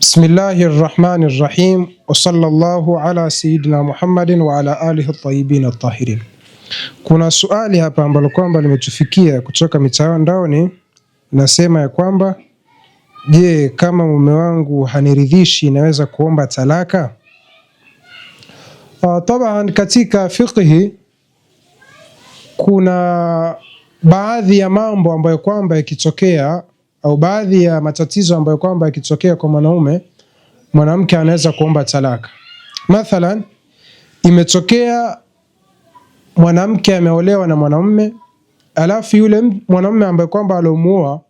Bismillahi rahmani rahim wa sallallahu ala sayidina Muhammadin wa ala alihi tayyibin tahirin. Kuna suali hapa ambalo kwamba limetufikia kutoka mitandaoni, nasema ya kwamba je, kama mume wangu haniridhishi naweza kuomba talaka? Uh, taban katika fiqhi kuna baadhi ya mambo ambayo kwamba yakitokea au baadhi ya matatizo ambayo kwamba yakitokea kwa mwanaume, mwanamke anaweza kuomba talaka. Mathalan, imetokea mwanamke ameolewa na mwanaume alafu yule mwanaume ambaye kwamba alomuoa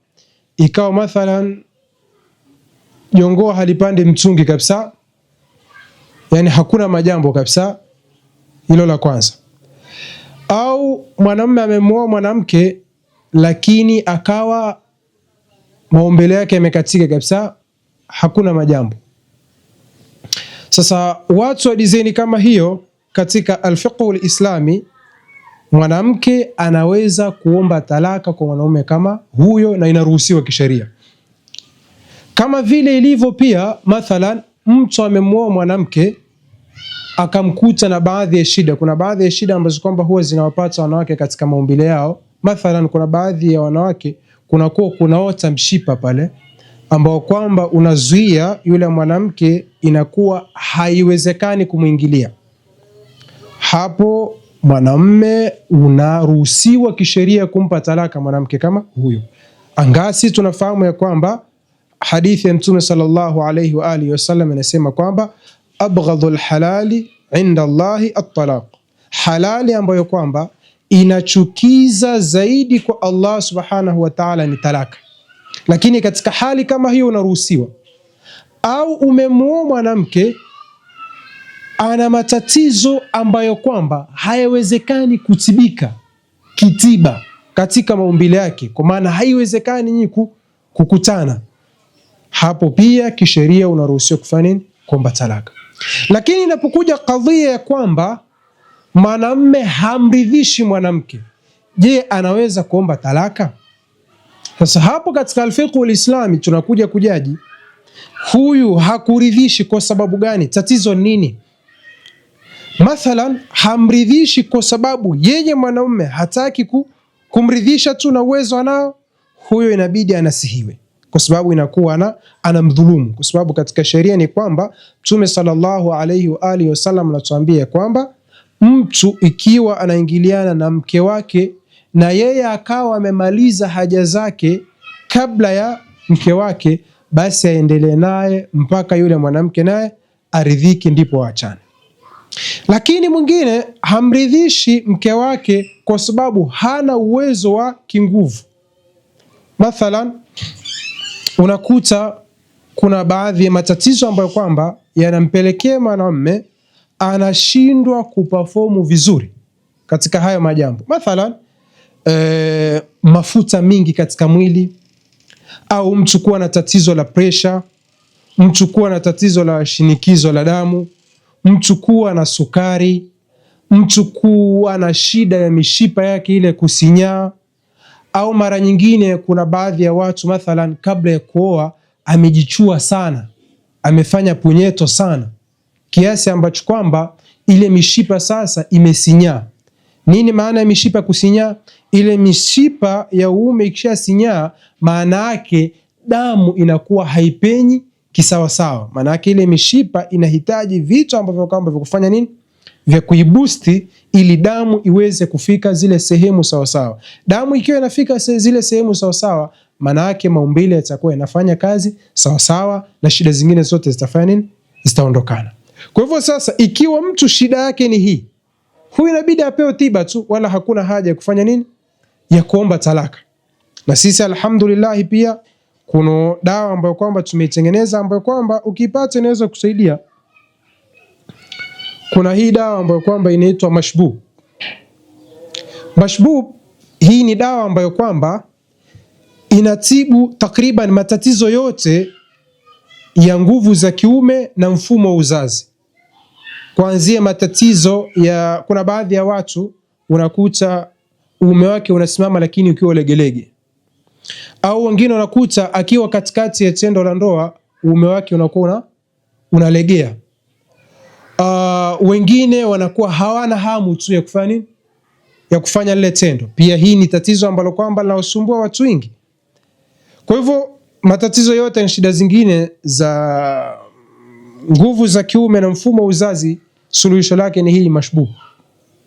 ikawa mathalan jongoa halipandi mtungi kabisa, yani hakuna majambo kabisa. Hilo la kwanza. Au mwanamume amemuoa mwanamke, lakini akawa maombele yake yamekatika kabisa, hakuna majambo. Sasa watu wa dizaini kama hiyo katika alfiqhu lislami, mwanamke anaweza kuomba talaka kwa mwanaume kama huyo, na inaruhusiwa kisheria, kama vile ilivyo pia mathalan, mtu amemwoa mwanamke akamkuta na baadhi ya shida. Kuna baadhi ya shida ambazo kwamba huwa zinawapata wanawake katika maumbile yao. Mathalan, kuna baadhi ya wanawake kunakuwa kunaota mshipa pale ambao kwamba unazuia yule mwanamke, inakuwa haiwezekani kumwingilia. Hapo mwanamme unaruhusiwa kisheria kumpa talaka mwanamke kama huyo, angasi tunafahamu ya kwamba hadithi ya Mtume sallallahu alayhi wa alihi wasallam inasema kwamba abghadhul halali inda Allahi at-talaq, halali ambayo kwamba inachukiza zaidi kwa Allah subhanahu wa ta'ala ni talaka. Lakini katika hali kama hiyo unaruhusiwa, au umemuoa mwanamke ana matatizo ambayo kwamba hayawezekani kutibika kitiba katika maumbile yake, kwa maana haiwezekani nyinyi kukutana, hapo pia kisheria unaruhusiwa kufanya nini? Kuomba talaka. Lakini inapokuja kadhia ya kwamba mwanamme hamridhishi mwanamke, je, anaweza kuomba talaka? Sasa hapo katika alfiqhu lislami tunakuja kujaji huyu hakuridhishi kwa sababu gani? Tatizo nini? Mathalan, hamridhishi kwa sababu yeye mwanaume hataki kumridhisha tu na uwezo anao huyo, inabidi anasihiwe kwa sababu inakuwa ana anamdhulumu, kwa sababu katika sheria ni kwamba Mtume sallallahu alaihi wa alihi wasallam anatuambia kwamba mtu ikiwa anaingiliana na mke wake na yeye akawa amemaliza haja zake kabla ya mke wake, basi aendelee naye mpaka yule mwanamke naye aridhiki, ndipo waachane. Lakini mwingine hamridhishi mke wake kwa sababu hana uwezo wa kinguvu. Mathalan, unakuta kuna baadhi ya matatizo ambayo kwamba yanampelekea mwanamme anashindwa kupafomu vizuri katika hayo majambo, mathalan e, mafuta mingi katika mwili, au mtu kuwa na tatizo la presha, mtu kuwa na tatizo la shinikizo la damu, mtu kuwa na sukari, mtu kuwa na shida ya mishipa yake ile kusinyaa, au mara nyingine kuna baadhi ya watu mathalan, kabla ya kuoa amejichua sana, amefanya punyeto sana kiasi ambacho kwamba ile mishipa sasa imesinyaa. Nini maana ya mishipa kusinyaa? Ile mishipa ya uume ikishasinyaa, maana yake damu inakuwa haipenyi kisawasawa. Maana yake ile mishipa inahitaji vitu ambavyo kwamba vya kufanya nini, vya kuibusti ili damu iweze kufika zile sehemu sawasawa. Damu ikiwa inafika zile sehemu sawasawa, maana yake maumbile yatakuwa yanafanya kazi sawasawa, na shida zingine zote zitafanya nini, zitaondokana. Kwa hivyo sasa, ikiwa mtu shida yake ni hii, huyu inabidi apewe tiba tu, wala hakuna haja ya kufanya nini, ya kuomba talaka. Na sisi alhamdulillah, pia kuna dawa ambayo kwamba tumeitengeneza ambayo kwamba ukipata inaweza kusaidia. Kuna hii dawa ambayo kwamba inaitwa mashbu. Mashbu hii ni dawa ambayo kwamba inatibu takriban matatizo yote ya nguvu za kiume na mfumo wa uzazi kuanzia matatizo ya, kuna baadhi ya watu unakuta uume wake unasimama lakini ukiwa legelege, au wengine unakuta akiwa katikati ya tendo la ndoa uume wake unakuwa unalegea. Uh, wengine wanakuwa hawana hamu tu ya kufanya ya kufanya lile tendo. Pia hii ni tatizo ambalo kwamba linawasumbua watu wengi. Kwa hivyo matatizo yote na shida zingine za nguvu za kiume na mfumo wa uzazi suluhisho lake ni hili mashbuh.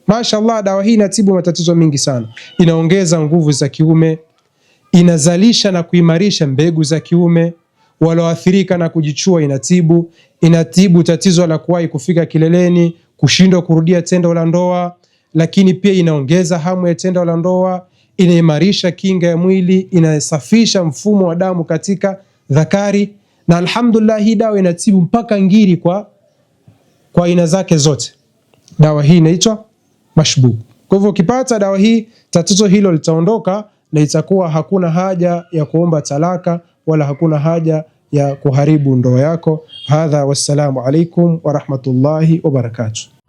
Mashaallah, dawa hii inatibu matatizo mengi sana, inaongeza nguvu za kiume, inazalisha na kuimarisha mbegu za kiume, walioathirika na kujichua inatibu, inatibu tatizo la kuwahi kufika kileleni, kushindwa kurudia tendo la ndoa, lakini pia inaongeza hamu ya tendo la ndoa, inaimarisha kinga ya mwili, inasafisha mfumo wa damu katika dhakari, na alhamdulillah, hii dawa inatibu mpaka ngiri kwa kwa aina zake zote. Dawa hii inaitwa mashbu. Kwa hivyo ukipata dawa hii, tatizo hilo litaondoka na itakuwa hakuna haja ya kuomba talaka wala hakuna haja ya kuharibu ndoa yako. Hadha, wassalamu alaikum warahmatullahi wabarakatuh.